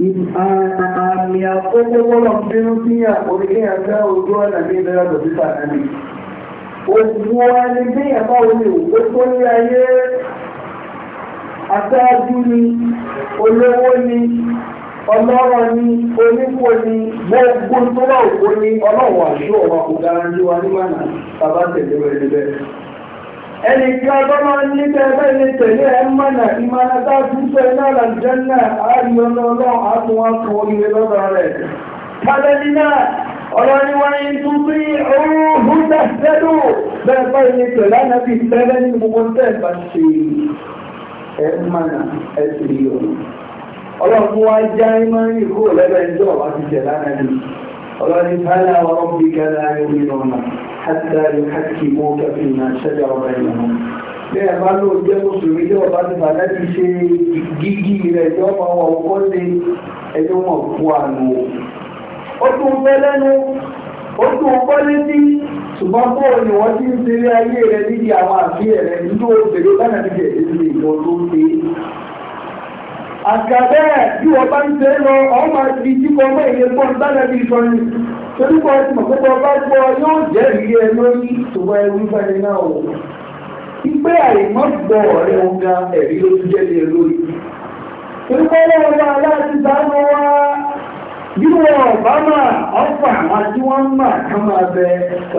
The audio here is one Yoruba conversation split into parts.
àmì àkókò wọ́lọ̀ bínú sí àkóríkẹ́ ẹgbẹ́ ojú ọ̀nà ní ìbẹ̀rẹ̀ lòdìsà nàbí òkú ẹni bí ẹ̀fà olè òkú tó ní ayé aṣáájú ni olówó ni ọlọ́rọ̀ ni onípo ni gbogbo tó wà òkú ni ọlọ́wọ̀ àṣọ ọmọkùnrin ní wa ní mànà bàbá tẹ̀lé rẹ̀ níbẹ̀ ẹni tí ọgbọ́n máa ń níbẹ̀ ẹgbẹ́ ilé tẹ̀lé ẹ̀ mọ̀nà ìmọ̀nà tá a tún sọ iná àlàjẹ́nà àríyànà ọlọ́run àtúnwá kan oríire lọ́dọ̀ rẹ̀. kálẹ́lí náà ọ̀rọ̀ ni wọ́n ń tún bí oòrùn tẹ̀sẹ̀dù bẹ́ẹ̀ bá ilé tẹ̀lé ànábì tẹ́lẹ̀ ní gbogbo حتى يحكموك فيما شجر بينهم bẹ́ẹ̀ bá ló jẹ́ mùsùlùmí tí ọba ti bà láti ṣe gígí rẹ̀ tí ọba wọn kọ́ lé ẹjọ́ wọn kú àánú ó tún fẹ́ lẹ́nu ó tún kọ́ létí ṣùgbọ́n bóò ni wọ́n ti ń ṣeré ayé rẹ̀ níbi àwọn àfihàn rẹ̀ nínú òṣèré bánà ti jẹ̀ nínú ìjọ tó ń ṣe àgbà bí wọ́n bá ń ṣe lọ ọ́n máa di tí wọ́n mọ̀ ń bánà bí sọ torí pé ọtí mọ̀kókó ọba gbọ́ yóò jẹ́ ìrírí ẹ lórí ìṣòwò ẹrú bẹ́ẹ̀ náà o ìpè àìmọ́ gbọ́ ọ̀rẹ́ wọn ga ẹ̀rí ló tún jẹ́ lé e lórí torí pé ọlọ́run bá aláàtì dáná wá nínú ọ̀bá máa ọ̀fà àwọn tí wọ́n máa kán máa bẹ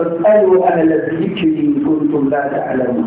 ọ̀tá ìwọ alẹ́lẹ́sì yìí kiri nǹkan tó ń dáadáa alẹ́ wọn.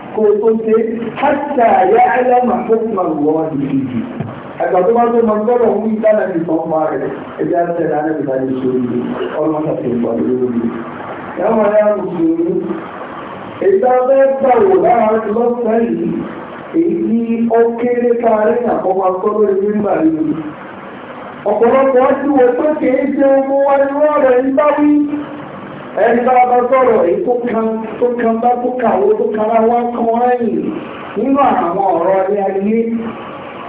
kó o tó ṣe hátà yá ẹlẹ́mà tó ti máa wọ̀ wá nìyí. Àgbà tó bá tó máa gbọ́dọ̀ mú ìdáná ti sọ fún ààrẹ ẹgbẹ́ àtẹ̀lẹ́ àdẹ́gbẹ̀dá ní sórí ọlọ́mọ àtẹ̀gbọ̀n lórí. Ìyá wọn yá mùsùlùmí. Èyí tá a fẹ́ gbà wò láwọn ọlọ́sàn yìí èyí ó kéré káàrí àkọ́kọ́ akọ́rọ́ ilé ńgbà yìí. Ọ̀pọ̀lọpọ̀ ti wò pé kì í ṣe ohun wa ni wọ́n rẹ̀ ń bá wí ẹni bá bá sọ̀rọ̀ èyí tó kan tó kan bá tó kàwó tó kara wá kan ẹ̀yìn nínú àwọn ọ̀rọ̀ ní ayé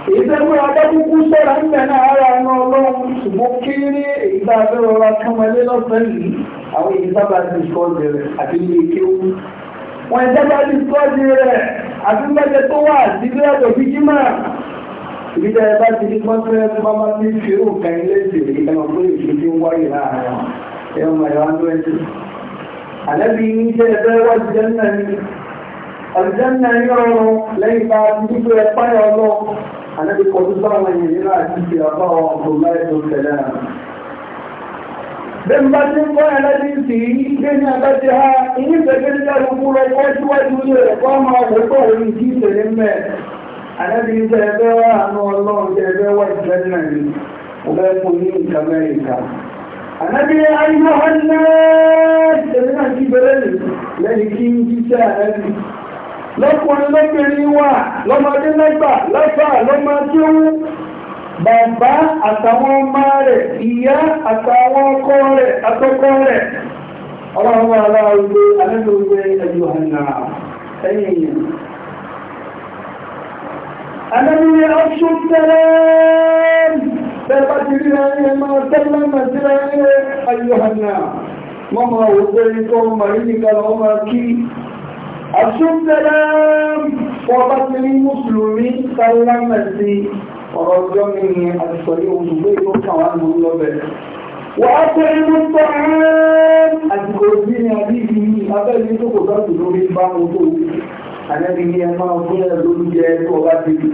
èyí tó gbé adágúgú sọ̀rọ̀ ń bẹ̀ náà ara ọ̀nà ọlọ́run ṣùgbọ́n kéré èyí bá bẹ́ẹ̀ rọra kánmọ́lé lọ́sẹ̀ yìí àwọn èyí sábà ti sọ bẹ̀rẹ̀ àti ilé kéwú wọn ẹ̀ sábà ti sọ bẹ̀rẹ̀ àti mẹ́jẹ tó wà sílé ọ̀dọ̀ fíjímà ìbílẹ̀ bá ti ní pọ́ńtẹ́rẹ́ tó bá máa ń fi يوم يوانوه النبي يمشي يدعو الجنة الجنة يرونه ليس عندك يطيع الله النبي قد صلى الله عليه وسلم عبد الله بن سلام bí n bá ti ń kọ́ ẹ̀ lẹ́bí sí ilé ní abẹ́jẹ́ ha inú ìgbẹ́gbẹ́ ní ẹ̀rùkú rẹ̀ kọ́ síwájú ilé rẹ̀ kọ́ máa wò pọ̀ orí kí ìṣẹ̀lẹ̀ mẹ́ àlẹ́bí ń tẹ́ ẹgbẹ́ wá àánú ọlọ́run tẹ́ ẹgbẹ́ wá ìṣẹ́lẹ̀ náà ni mo fẹ́ fún ní ìkàmẹ́ríkà Ànábí ayé Mọ́hánnáàdì ti bẹ̀rẹ̀ lẹ́ni kí ń jíṣẹ́ ẹni. Lọ́kùnrin lọ́kùnrin wà lọ́mọdé lẹ́gbà lọ́fà lọ́mọdé ó bàbá àtàwọn ọmọ rẹ̀, ìyá àtàwọn ọkọ rẹ̀, àtọkọ rẹ̀. Ọlọ́run aláwọ̀ alẹ́lógún ẹjọ́ àná ẹ̀yìn èèyàn. Ànábí ọ̀ṣun bẹ́ẹ̀bá ti rí ẹni ẹmọ tẹ́lẹ̀mọ̀ sí ẹni ayọ̀hànà wọ́n máa wò pé ikọ́ màrí nìkan lọ máa kí àṣúntẹ́lẹ̀ wọ́n bá ti rí mùsùlùmí tẹ́lẹ̀mọ̀ sí ọ̀rọ̀ ọjọ́ mi ni àtìsọ̀rí òṣùgbé ìtọ́ kàwọn àmọ́ lọ́bẹ̀ wà á pé inú tọ́ àtìkò sí ni àbí ìfìyí abẹ́lẹ̀ tó kò bá tù lórí bá mo tó àlẹ́bí ni ẹ máa fún ẹ lóúnjẹ tó ọba ti rí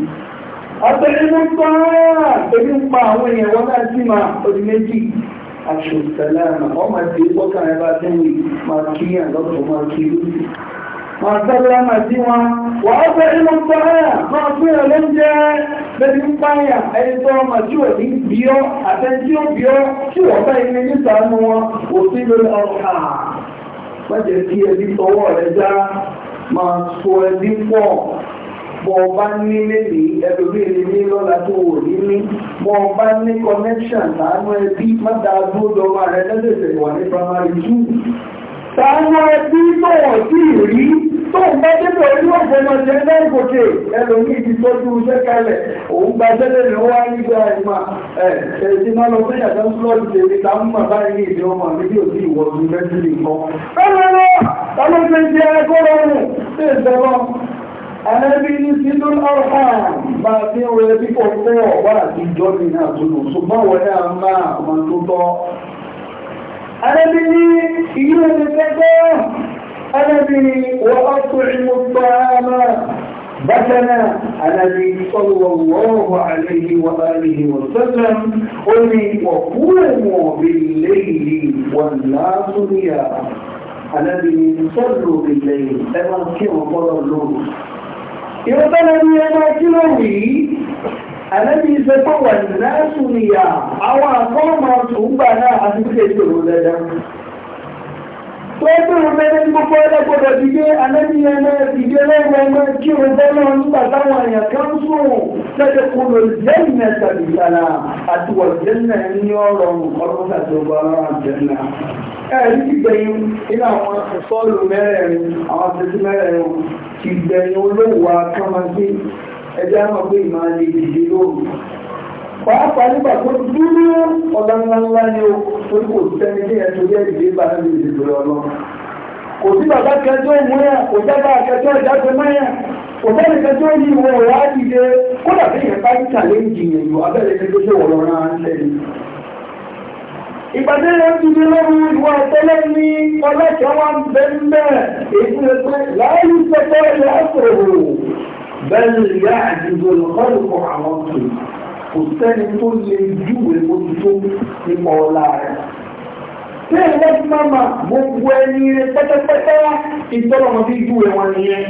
ọ̀pẹ́ nínú pàá pẹ̀lú pa àwọn èèyàn wọ́n náà sí máa orí méjì aṣòsàlámà ọmọ tí ó kọ́kà ẹ bá tẹ́wì máa kí àlọ́pọ̀ máa kí lóṣù máa sálámà sí wọn wà á fẹ́ nínú pàá máa fún ẹ̀ lóúnjẹ lẹ́bí ń pààyà ẹni tó ọmọ tí ò ní bí ọ́ àtẹ́tí ó bí ọ́ tí wọ́n bá bọ́ ọ bá ní lèlè ẹlòmíì lè ní lọ́la tó wò ní ní bọ́ ọ bá ní connection láàánú ẹbí má dáa dúró dọ́wọ́ rẹ lẹ́sẹ̀sẹ̀ wà ní primary two. táwọn ẹbí tó wọ̀ sí rí tó ń bá débò ẹni ọ̀gbẹ́ máa jẹ náà gòkè ẹlòmíì ti tọ́jú iṣẹ́ kalẹ̀ òun gba sẹ́lẹ̀ ní wá nígbà ẹ̀ma ẹ̀ ẹ̀sìn máa lọ sẹ́yà tó ń lọ́ọ̀dù tèmi ta ń mà báyìí ní ìdí ọmọ mi bí ò sí ìwọ̀n ju mẹ́tìlì kan. ẹ lọ́wọ́ ta ló fẹ́ ṣe ẹgbẹ́ rọrùn sí ìṣẹ́lọ́ Ànábì ní sínú ọ̀pá bá tí ó rẹ̀ pípọ̀ pọ̀ wà àti ìjọ ní àtúnù ṣùgbọ́n wọ́n náà máa ọmọ tó tọ́. Ànábì ní ìyí ẹni pẹ́pẹ́ Ànábì ní wọ́n á tó ìmú gbá máa bákaná Ànábì sallallahu alayhi wa alihi wa sallam ó ní wọ̀kúrẹ̀mọ̀ bí léyìí wọ̀n lásùn yà Ànábì ní sọ́lù bí léyìí ẹ máa kí wọn bọ́lọ̀ lóòrùn ìrọ́tọ́lá ní ẹgbẹ́ kí ló wì í àlẹ́bí ṣe pọ̀ àwọn àkọ́ ọmọ tòun gbà náà àti bí lọ́dún mẹ́rin gbogbo ẹlẹ́gbọ́dọ̀ dìde alẹ́niyàn náà dìde lẹ́wọ̀n ọmọ kí o bọ́lá nígbà táwọn èèyàn kan sùn lẹ́dẹ̀ kó lọ jẹ́nà tàbí sára àtiwọ̀ jẹ́nà ní ọ̀rọ̀ ọ̀rọ̀ sàtọ̀gbọ̀ ọ̀rọ̀ jẹ́nà. ẹ̀rí ti gbẹ̀yìn nínú àwọn sọ́ọ̀lù mẹ́rin àwọn tẹ̀sí mẹ́rin ti gbẹ̀yìn olówó akọ́mọdé ẹjẹ́ àwọn pé ìmọ̀ pàápàá nígbà tó dúró ọ̀dọ́ ńláńlá ni o torí kò sẹ́ni ní ẹ̀tọ́ yẹ́ ìdílé bá níbi ìdìbò ọlọ́run kò sí bàbá kẹjọ ìmúyà kò dábàá kẹjọ ìdájọ mẹ́yà kò sẹ́ni kẹjọ yìí wọ ọ̀rọ̀ àdìyẹ kódà bí yẹn bá ń tàlé ìjìyàn abẹ́rẹ́ ni ṣe wọ̀ lọ́rọ̀ ń sẹ́ni. ìpàdé yẹn ti di lọ́rùn ìwà ọ̀tẹ́lẹ̀ ní ọlọ́kẹ́ wa ń ń bẹ́ẹ̀ kò sẹ́ni tó lè júwe ojú tó nípa ọlá rẹ̀. Ní ẹ̀rọ tí máa ma gbogbo ẹni rẹ̀ pẹ́tẹ́pẹ́tẹ́ wá ìtọ́lọ́mọ bí júwe wọn nìyẹn.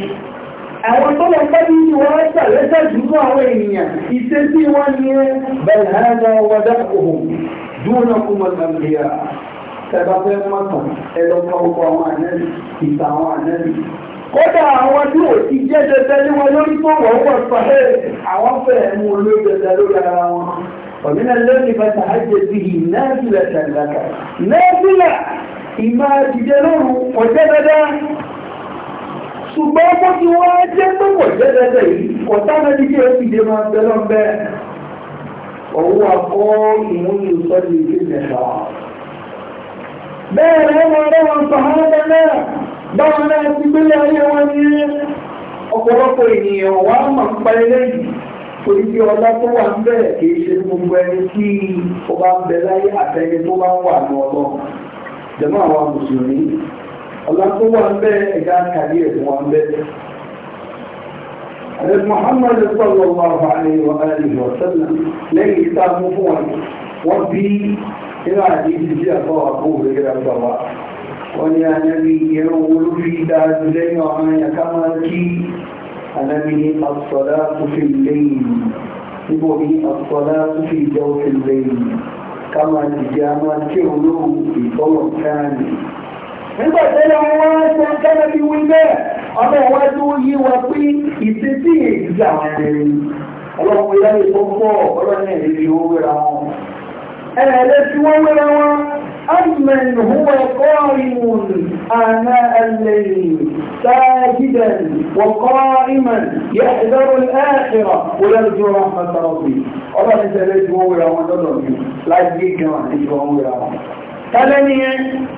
Àwọn tó lọ pẹ́ nínú wọn ẹ̀sẹ̀ lẹ́sẹ̀ jù fún àwọn ènìyàn ìṣesí wọn nìyẹn bẹ̀rẹ̀ ẹ̀rọ wọdà òhùn kú mọ́tà nìyà. fẹ́ mọ́tà ẹ̀rọ kan kódà àwọn tí ò ti jẹ́ ní wọn lórí tó wọ́n wọ́n àwọn mú wọn ومن الليل فتهجد به نافلة لك نافلة إما تجلوه وجدد سبابك واجب وجدد وطانا بجهة جماعة لنبا وهو قائم يصلي في النهار ما روى روى صحابنا báwọn náà ti gbélé ayé wọn ní ọ̀pọ̀lọpọ̀ ènìyàn wà mọ̀ ń pa eléyìí torí pé ọlá tó wà ń bẹ̀ kìí ṣe gbogbo ẹni tí ó bá ń bẹ láyé àtẹni tó bá ń wà ní ọlọ́ jẹ̀mọ́ àwọn mùsùlùmí ọlá tó wà ń bẹ ẹ̀dá kàdí ẹ̀dùn wà ń bẹ. Ààrẹ Muhammadu sallallahu alaihi wa alihi wa sallam lẹ́yìn ìta mú fún wọn wọ́n bí nínú àdéhùn sí àtọ́wà kó rẹ̀ rẹ̀ gbà wá wọ́n ní anábì ìrún olórí dáadé lẹ́yìn ọ̀ràn ẹ̀ká máa kí anábì ní àtọ̀dá tó fi lẹ́yìn níbo ní àtọ̀dá tó fi jẹ́ òfin lẹ́yìn ká máa dìde a máa kí olóhùn ìfọ́wọ̀ káàní. nígbà tẹ́lẹ̀ wọ́n wá ṣe kẹ́lẹ́bí wí bẹ́ẹ̀ ọmọ ìwájú yí wa pé ìtẹ́tí ìgbà wọn lẹ́yìn ọlọ́run ìyá ìfọ́fọ́ ọlọ́run ẹ̀rí fi owó wẹ́ra wọn أمن هو قائم آناء الليل ساجدا وقائما يحذر الآخرة ويرجو رحمة ربي الله أنت ليش هو يا رب لا يجيك يا رب Tàlẹ́ni ẹ,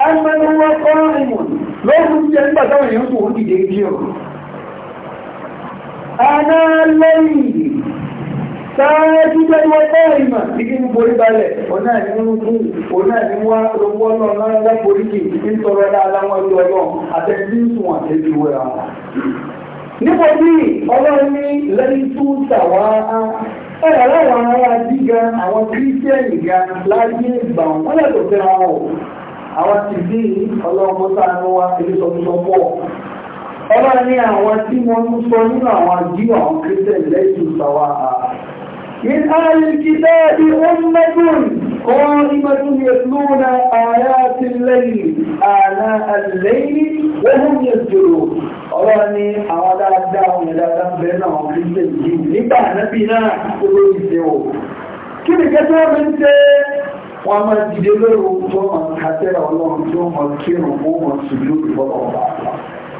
ẹgbẹ̀rún ọkọ̀ ìmọ̀ lọ́rùn jẹ́ nígbàtàwọn èèyàn tó wọ́n dìde sáájúdé wọ́pọ̀ ìmọ̀ ìdí ní borí balẹ̀ ọ̀nà ní wọ́n fún ọ̀nà ní wọ́n rọwọ́ náà lọ́nà boríkì ní tọrọ aláwọ̀ ẹgbẹ́ ọlọ́run àtẹ́sí sùn àtẹ́sí wẹ́ra níbo bí ọlọ́run ní lẹ́yìn tó tàwa ẹ̀rọ láwọn ará díga àwọn kírísítẹ́nì ga láyé ìgbà wọn lẹ́tọ̀ọ́ fẹ́ wọn o àwọn ti bí ọlọ́run mọ́tà ní wa èdè sọ̀tún pọ̀ ọlọ́run ní àwọn tí wọ́n ń sọ nínú àwọn àjíwọ̀n kírísítẹ́nì lẹ́yìn tó tàwa من أهل الكتاب أمة قائمة يتلون آيات الليل آناء الليل وهم يسجدون أراني أعلى أبداهم إلى ربنا في السجين لبع نبينا قلوا يسيرون كيف كتب أنت wọ́n máa dìde lóru tó máa kàtẹ́rà ọlọ́run tó máa kírun fún wọn sùúrù ìfọ́lọ́ ọba àgbà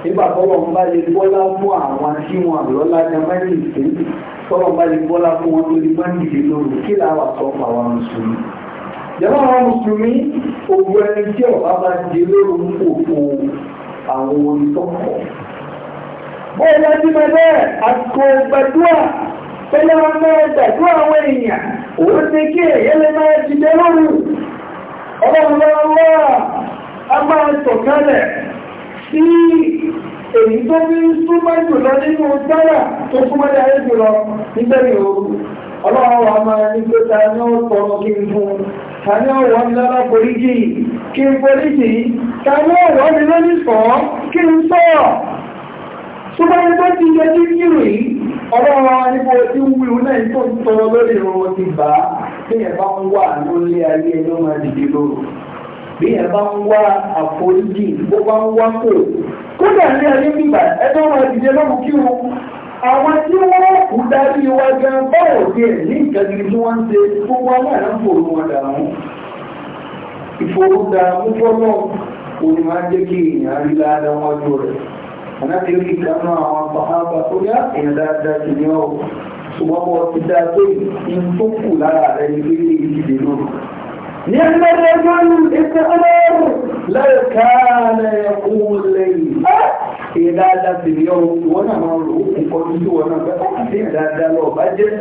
nígbà tó lọ́n bá lè bọ́lá fún àwọn tí wọn lọ́lá ní amẹ́rìkì tọ́lọ̀ bá lè bọ́lá fún wọn tó lè má nìyí lóru kí láwà sọ fún àwọn mùsùlùmí ìjọba àwọn mùsùlùmí ogun ẹni tí ọba bá jẹ lóru òfò àwọn onítọ́kọ̀ bóyá láti máa bẹ́ẹ̀ àsìkò gbàdúrà pẹ̀lú àwọn mẹ́rin gbàdúrà àwọn èèyàn òun ti kí èyẹ lè máa jìdẹ lóru ọlọ́run lọ́wọ́ a máa sọ̀kalẹ̀ sí èyí tó ní súnmọ́ jùlọ nínú dára tó súnmọ́ dára jùlọ nígbẹ̀rẹ̀ ooru ọlọ́run wa máa ní pé ta ní ó tọrọ kí n fún ta ní ọ̀wọ́ mi lọ́la políjì kí n políjì ta ní ọ̀wọ́ mi lónìí sọ kí n sọ̀rọ̀ súnmọ́ ní tó ti yẹ kí kírù yìí ọlọ́run wa ní bó ti náà tó tọrọ lórí ìrọ̀ ti bá tí ẹ̀bá ń wà lórí ayé ló máa dìde lóru bí ẹ bá ń wá àforíjì bó bá ń wá kò kódà ní ayé bíbà ẹjọ́ máa dìde lọ́rùn kí o àwọn tí wọ́n kú darí wa gan báwọ̀ bí ẹ̀ ní ìkẹ́gìrì tí wọ́n ń ṣe gbogbo aláàrá ń fòrò wọn dààmú ìfòrò dààmú fọ́lọ́ òun máa ń jẹ́ kí èèyàn rí láàárọ̀ wọn jù rẹ̀ ànáti rí ìkànnà àwọn àpáhábà tó yá èèyàn dáadáa sì ní ọ̀ ṣùgbọ́n wọn ti dáa tó ìtúkù lára rẹ̀ ní ilé ìdíje náà نعم الرجل استقرار لو كان يقول لي إذا دات اليوم وأنا مرؤوس قلت وأنا بس إذا دا لو بجد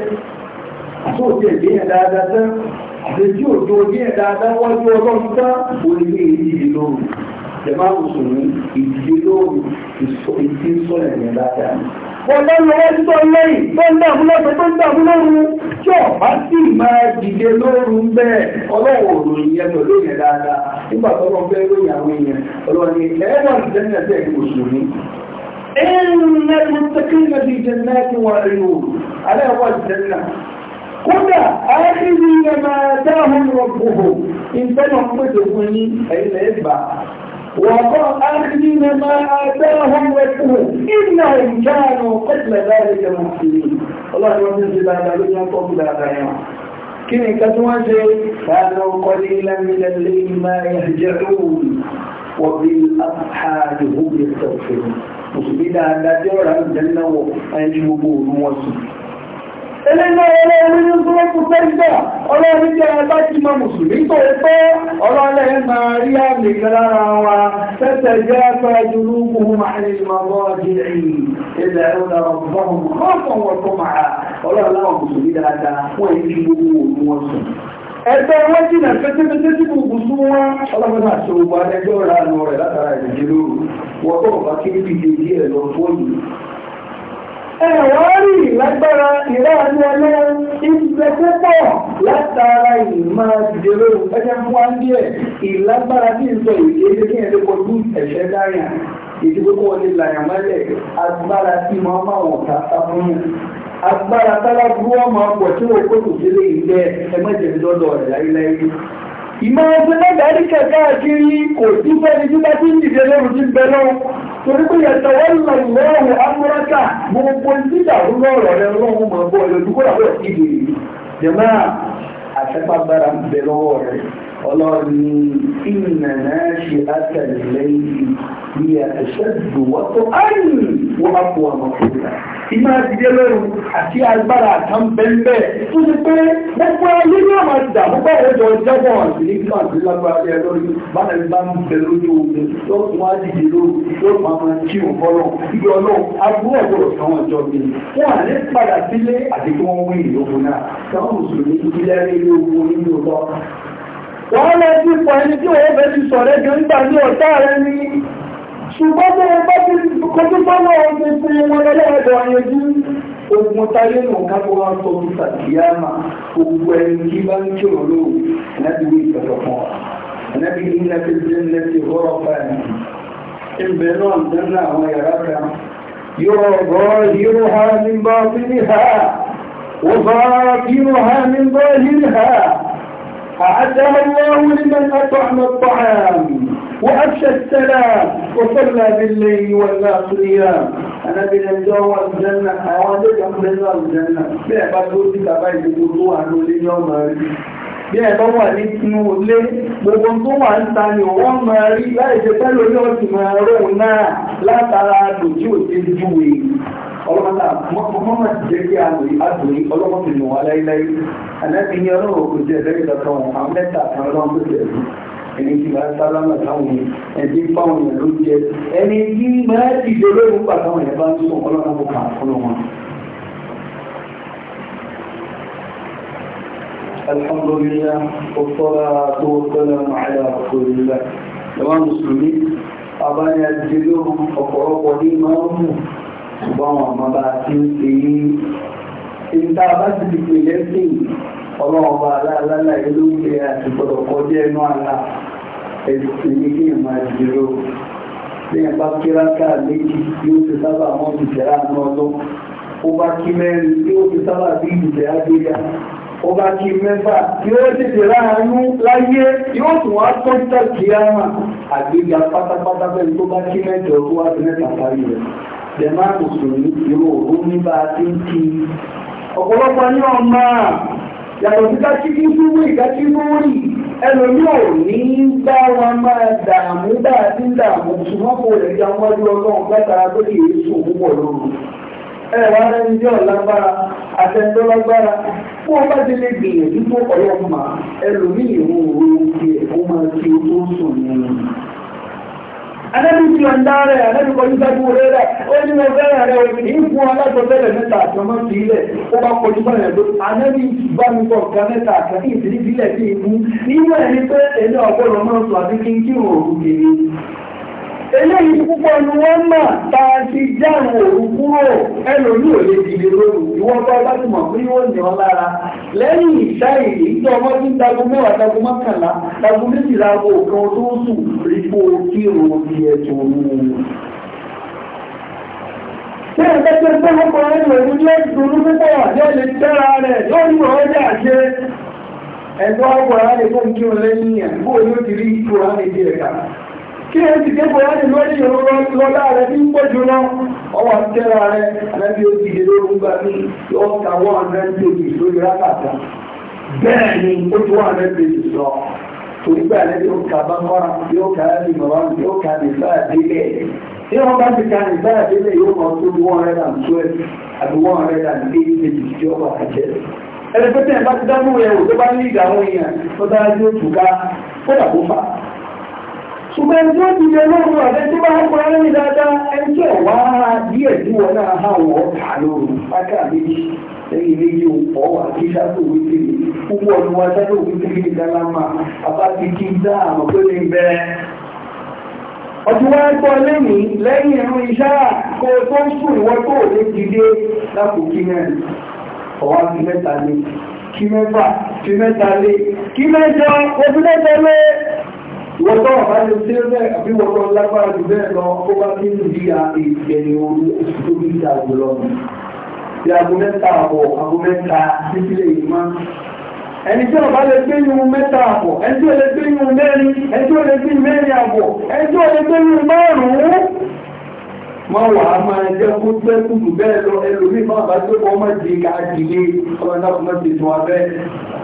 صوت الدين إذا دات àtẹ̀jú òjò ní ẹ̀dà adáwọ́jú ọlọ́run tá orílẹ̀ ìdíje lóru jẹ́máà mùsùlùmí ìdíje lóru ìsọ ìdí sọ ẹ̀yìn dáadáa ọlọ́run ọwọ́ tó lẹ́yìn tó ń dàbú lọ́sẹ̀ tó ń dàbú lóru tí ọ̀pá sì máa dìde lóru ń bẹ́ẹ̀ ọlọ́run òròyìn yẹn pẹ̀lú yẹn إن المتقين في جنات وعيون على أول الجنة kódà àákìrí ẹmà dáhùn rọ̀bùhù ìfẹ́nà pẹ̀lú fún ní ẹ̀yìn ẹgbà وقال ما آتاهم ربهم إنهم كانوا قبل ذلك محسنين والله يوزن جبال عليهم قبل هذا كيف كتواجه كانوا قليلا من الليل ما يهجعون وبالأصحاب هم يستغفرون مصبدا لا جرى الجنة وأنجبوا وصف eléyìí ọlọ́run ní súnmọ́kù pẹ́ńtà ọlọ́run jẹ́ ẹgbá ti mọ mùsùlùmí tó pé ọlọ́run máa rí àmì lára wa tẹ́tẹ̀ jẹ́ ẹgbẹ́ ìdúró kúrú máa ní ìmọ̀gbọ́ ọdí ẹ̀yìn ilẹ̀ ọlọ́run bọ́ọ̀mù kọ́ọ̀kan wọ́n tó máa ọlọ́run láwọn mùsùlùmí dáadáa fún èyí gbogbo òun wọn sùn ẹgbẹ́ wọ́n jìnà pẹ́tẹ́pẹ́tẹ́ tí gbogbo sún wá ọlọ́pẹ́ta ṣe gbogbo ẹgbẹ́ ọ̀rọ̀ àánú rẹ̀ látara ìdíje lóru wọ́n tó bá kí ní fìdí ìdí ẹ̀ lọ fóònù ẹ̀wọ́n rí ìlágbá òṣèré o ẹjẹ́ fún wa ń díẹ̀ ìlágbára tí ń sọ èdè ilé kí ẹ̀lẹ́ kọjú ẹ̀ṣẹ́ dáyà ìdíbò kó wọlé làyàn mọ́lẹ̀ agbára tí mọ́ máa wọ̀n ká sáfún yẹn agbára tára burú ọmọ ọpọ tí wọn kó kò sílé ìgbẹ ẹmẹjẹ lọ́dọ̀ rẹ̀ láíláí ìmọ̀ ẹgbẹ́ lẹ́gbẹ̀ẹ́rí kẹ̀kẹ́kiri kò sí fẹ́ni tí bá ti ń dìde lóru ti bẹ lọ torí pé yẹtọ̀ wọ́n àtẹ́pàgbára ń bẹ lọ́wọ́ rẹ̀ ọlọ́ọ̀ni ìnà náà ṣe àtàlẹ́ ní àtẹ̀ṣẹ́dù wọ́tọ̀ áyìn wọ́n á kó ọmọ fúnra ìmá àtijé lẹ́rù àti agbára àtàn bẹ́ẹ̀ tó ti pé gbogbo ayé ní àmà ìdà púpọ̀ ọjọ́ ìjọba àti ní kíkọ́ àti lágbára ẹ lórí bára ìgbà ń bẹ lójú ogun tó tún á dìde lóru wọ́n lọ sí ipò ẹni tí wọ́n fẹ́ ti sọ̀rẹ́ jọ nígbà ní ọ̀tá rẹ ni ṣùgbọ́n tó wọ́n bá ti kojú bọ́lá ọmọ fún wọn lọ́wọ́dọ̀ ayẹjú ogun táyé náà kápọ̀ wá sọ ní sàkíyàmà gbogbo ẹni tí bá ń kírò lóòrùn ẹ̀nàbí ní ìgbẹ̀tọ̀ fún wa ẹ̀nàbí ní ìlẹ́tì ìlẹ́tì rọ́rọ̀ fáìlì ìbẹ̀ náà ń dáná àwọn yàrá kan yóò rọ̀ yóò ha ní bá fi ní ha wọ́n bá yóò ha ní bá yìí ha أعدها الله لمن أطعم الطعام وأفشى السلام وصلى بالليل والناس أنا أنا بنجوى الجنة أعوان أمر الله الجنة بأبا تقول لك أبا يقولوا عنه اليوم هذه bí ẹ̀bọ́ wà ní inú ilé gbogbo tó wà ń ta ni ما رونا لا láìsẹ̀ pẹ́lú ilé ọlọ́mọdà mọ́mọ́ ti jẹ́ kí adùn yìí ọlọ́mọ ti nù wá láíláí ànábì ní ọlọ́run kò jẹ́ ẹ̀rẹ́ ìdọ̀kan àwọn mẹ́ta kan ọlọ́run tó jẹ́ ẹni tí máa ń sálámà táwọn ẹni fáwọn èèyàn ló jẹ ẹni tí máa ń dìde lóòrùn pàtàwọn èèyàn bá ń sùn ọlọ́run kò fún wọn. الحمد لله والصلاة والسلام على رسول الله ṣùgbọ́n àwọn ọmọ bá ti di pé lẹ́sìn ọlọ́run bá aláàlá ìlúgbé àti gbọ́dọ̀ kọjá ẹnu àlá ẹ̀sìn ní kí ìmọ̀ ìdúró bí ẹ̀ bá kíráká méjì yóò ti sábà mọ́ ìjẹ́ra náà lọ ó bá kí mẹ́rin yóò ti sábà bí ìjẹ́ra gbéga ó bá kí mẹ́fà yóò tètè láàánú láyé yóò tún wá tọ́jú tàbí àmà àgbéga pátápátá bẹ́ẹ̀ tó bá kí mẹ́jọ tó wá sí mẹ́ta parí rẹ̀ jẹ̀má mùsùlùmí irú òun ní bá a ti ń kí ọ̀pọ̀lọpọ̀ ní ọmọ yàtọ̀ sí kákíkí fúwì kákíkúrì ẹlòmí ò ní bá wa máa dààmú bá a ti ń dààmú ṣùgbọ́n kò lè jẹun wájú ọlọ́run látara tó lè sùn púpọ̀ lóru ẹ̀wà lẹ́ni jẹ́ ọ̀lágbára àtẹ́ńdọ́lágbára fún ọba ti lè gbìyànjú tó ọ̀yọ́ mà ẹlòmí ìhun òru ti ẹ̀kọ́ máa ti o tó sùn nínú anábì ti ọ̀ ń dá rẹ̀ anábì kọjú sẹ́kù rẹ̀ rẹ̀ ó ní mo fẹ́ràn rẹ̀ òfin ní fún alájọbẹ̀rẹ̀ mẹ́ta àti ọmọ sí ilẹ̀ ó bá kọjú bá rẹ̀ ló anábì bá mi kọ̀ ga mẹ́ta àti ìdílé ìbílẹ̀ sí ikú nínú ẹ̀ ní pé ẹ̀yìn ọ̀pọ̀lọpọ̀ sọ àti kí n kí n òògùn kiri eléyìí púpọ̀ ni wọ́n mọ̀ tá a ti jáàmù òru kúrò ẹlòmí ò lè dìde lóru ìwọ́n bá bá ti mọ̀ pé yóò ní ọ lára lẹ́yìn ìṣá ìdí tí ọmọ tí ń dagun mẹ́wàá dagun mọ́kànlá dagun méjìlá aago kan tó ń sùn rí pé o kí o di ẹ̀jọ̀ òun. Ṣé ẹgbẹ́ tó gbé púpọ̀ ẹnu òun ní ẹ̀dùn púpọ̀ ní ẹ̀lẹ́ tẹ́ra rẹ̀ lórí ọ̀rẹ́dẹ̀ àṣẹ ẹ̀dọ́ ọkọ̀ rẹ̀ kó kí kí ẹ ti kéfọ́ láti lórí ìrọ̀rọ̀ lọ́lá rẹ̀ ní pọ̀jù náà ọwọ́ tẹ́ra rẹ̀ alẹ́bí ó ti dé lórí gbà ní ọ̀ọ́ta wọ́n àgbẹ̀ǹdì òbí lórí rákàtà bẹ́ẹ̀ ni ó ti wọ́n àgbẹ̀ǹdì òbí sọ torí pé alẹ́bí ó ka bá mọ́ra yóò ka ẹ̀mí mọ́ra yóò ka nìfà délẹ̀ tí wọ́n bá ti ka nìfà délẹ̀ yóò mọ̀ tó wọ́n rẹ̀ dà tó ẹ̀ àbí wọ́n rẹ̀ dà ní èyí tí ó wà jẹ́ ẹ̀rẹ́pẹ́tẹ̀ bá ti dáhùn ẹ̀wò tó bá ní ìdààmú yẹn tó dára ní òtù ká kó dà kó fà á ṣùgbọ́n ẹni tí ó ti jẹ lóòrùn ọ̀dẹ́ tí bá ń pa ẹni dáadáa ẹni tí ọ̀wá díẹ̀ tí wọ́n náà há wọ́ kà lóòrùn pátá méjì lẹ́yìn méjì ọ̀pọ̀ wà kí sábò wípé púpọ̀ ni wọ́n sábò wípé kí ní dálámà bàbá ti kí dá àmọ́ pé ní bẹ́ẹ̀. ọdún wa ń gbọ́ lẹ́yìn lẹ́yìn ẹ̀rọ iṣẹ́ kó o tó ń sùn ìwọ tó ò lè ti dé lápò kí náà ọ̀wá wọ́n tó wà bá lè ṣe é bẹ́ẹ̀ àbí wọ́n lọ lágbára jù bẹ́ẹ̀ lọ kó bá kí ní ìyá ìgbẹ̀rẹ̀ ooru oṣù tó bí ìjà jù lọ Bí aago mẹ́ta àbọ̀ aago mẹ́ta títí yìí máa. Ẹni tí ọba lè gbé yun mẹ́ta àbọ̀, ẹni tí ó lè gbé yun mẹ́rin, ẹni tí ó lè gbé yun mẹ́rin àbọ̀, ẹni tí ó lè gbé yun márùn-ún wọ́n wà á máa jẹ́ kó jẹ́ kùtù bẹ́ẹ̀ lọ ẹlòmíì máa bá tó kọ́ máa di ká dìde ọmọ náà kò máa ti tún abẹ́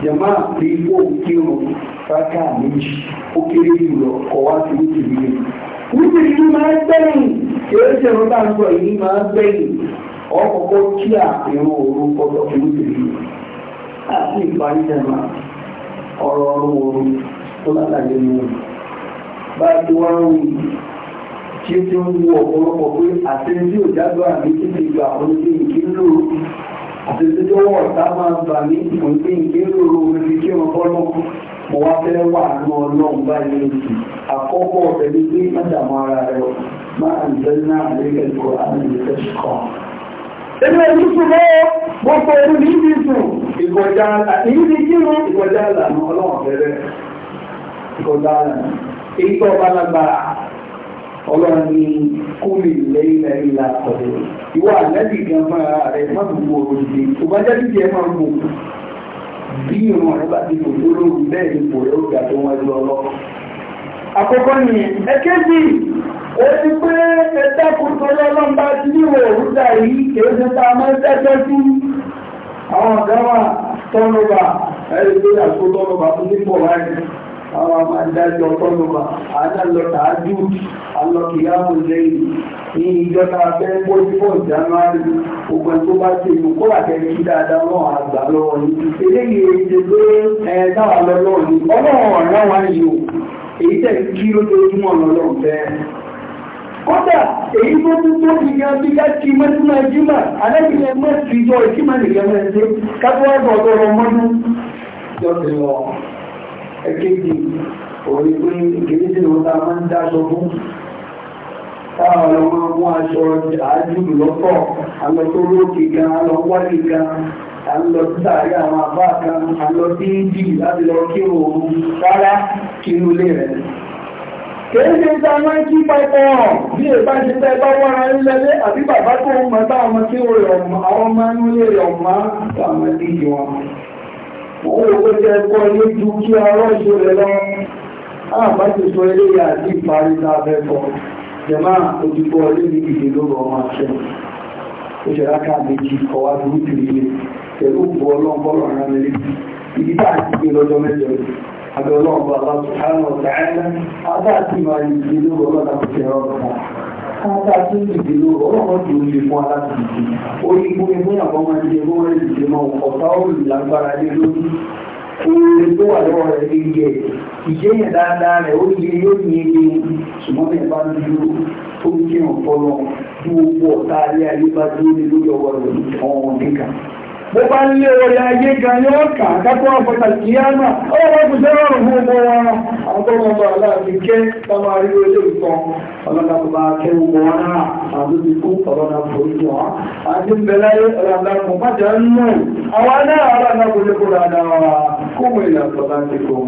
jẹ̀má rí ipò kírun rákà méjì ó kéré jùlọ kọ̀ wá sí ó ti rí i. wípé ìlú máa ń gbẹ̀yìn kéré ṣe ló bá ń sọ ìlú máa ń gbẹ̀yìn ọkọ̀ọ̀kọ̀ kí àìrùn òru kọ́tọ̀ kí ó ti rí i. àti ìparí jẹ̀má ọ̀rọ̀ ọ̀rọ̀ òru tó látàgbé mú tí ó ti ń wu ọ̀pọ̀lọpọ̀ pé àtẹ́jú òjágbó àmì tí ti gbà fún bí nké lóru àtẹ́jú tó wọ̀ tá máa bà mí fún bí nké lóru omi kí wọn bọ́lọ́ mo wá fẹ́ wà ní ọlọ́run báyìí lóṣù àkọ́kọ́ ọ̀fẹ́ ní pé mẹ́tàmú ara rẹ̀ máa ń bẹ́ẹ̀ náà lẹ́gẹ̀ẹ́kọ̀ọ́ àmì ìfẹ́ṣùkọ́ Ẹgbẹ́ ìrúsùnmọ́ gbogbo ẹ̀rù ní ìdí ìsùn ìkọjá àlà, èyí ti kírò ìkọjá àlà ní ọlọ́run fẹ́rẹ́. Ìkọjá àlà, èyí tó bá lágbára, ọlọ́run ní kúlì lẹ́yìnlẹ́ ìlà ọ̀dọ̀ ìwọ àlẹ́bì gan fúnra rẹ̀ má gbogbo ọ̀rọ̀ ìdè tó bá jẹ́ títí ẹ máa gbò bí ìwọ̀n rẹ̀ bá ti kò tó lóru bẹ́ẹ̀ ni kò rẹ̀ ó gbà tó wọ́n lọ lọ. àkọ́kọ́ ni ẹ̀kẹ́jì ó ti pé ẹ̀dá kò tó lọ́lọ́n bá ti ní ìwọ̀ òrùta yìí kìí ṣe tá a máa ń tẹ́tẹ́ sí àwọn ọ̀gá wa tọ́nù àwọn máa ń dájọ́ ọtọ́nùmá àádọ́lọ tààjú alọ́kìyàmù lẹ́yìn ní ìjọba abẹ́ pọ́sífọ́ ìjánúárì gbogbo tó bá ṣe ìlú kó àtẹ̀kí dáadáa wọn àgbà lọ́wọ́ ni eléyìí èdè pé ẹ̀ dáwà lọ́wọ́ ni ọlọ́run ọ̀rẹ́ wa yìí o èyí tẹ̀ kí lójoojúmọ́ lọ́lọ́run fẹ́ kódà èyí tó tún tó fi yan bí ká kí mẹ́túnmá jímà alẹ́bìnrin mẹ́tìjọ ìkímà nìkan mẹ́tẹ́ ká tó wá bọ̀ ọ̀dọ́ ọmọdún yọ̀ọ̀tẹ̀ lọ ẹ̀kejì òwe pé kìrìsì ló ta máa ń dáṣọ fún táwọn ọmọ mú aṣọ àájúlù lọ́pọ̀ àlọ́ tó lókè gan àlọ́ wáyé gan àlọ́ sáré àwọn àbá kan àlọ́ tí ń dì láti lọ kí òun rárá kí inú lè rẹ̀ kéèké ta máa ń kí pápọ̀ bí èbá ti tẹ́ bá wára nílẹ́lé àbí bàbá tó ń mọ̀ táwọn ọmọ tí ó rẹ̀ ọ̀mọ́ àwọn ọmọ inú lè rẹ̀ ọ̀mọ́ táwọn owó pẹ́kẹ́ ẹ̀kọ́ ilé ju kí ọwọ́ ìṣòro lọ àbá ti sọ ilé àti ìparí lábẹ́kọ́ jẹmá òjúbọ ilé ní ìdè lórí ọmọ àṣẹ ó ṣe ráká méjì kọwa burúkú ilé pẹ̀lú bọ́ ọlọ́gbọ́rọ̀ ara mẹ́lẹ́ ibi tá àti gbé lọ́jọ́ mẹ́jọ abẹ́ ọlọ́gbọ́ aláṣùkárọ̀ tààlà abá àti máa ìdè lórí ọlọ́dà kò tẹ̀ ọ̀rọ̀ kan abá àti ìdè lórí ọmọ ìjẹmọ́ ìjẹmọ́ ọ̀pá òòlù lágbára lé lórí oore tó wà lọ́wọ́ rẹ̀ lè yẹ ìjẹyàn dáadáa rẹ̀ ó yẹ yóò ní ilé ṣùgbọ́n mi bó bá ń lé orí ayé gan ni wọ́n kà á kápọ́ ọ̀pọ̀ta kì í àmà ọwọ́ bá kù sẹ́wọ́n rò fún ọmọ wọn àtọ́wọ́n bá aláàfin kẹ́ táwọn aríwé ilé ìtàn ọlọ́dàpọ̀ bá kẹ́ gbogbo wọn náà àdúgbò kú ọlọ́dàpọ̀ ojú wọn àti bẹ̀láyé ọlọ́dàpọ̀ májà ń nù àwọn náà ọlọ́dàpọ̀ lẹ́kọ̀ọ́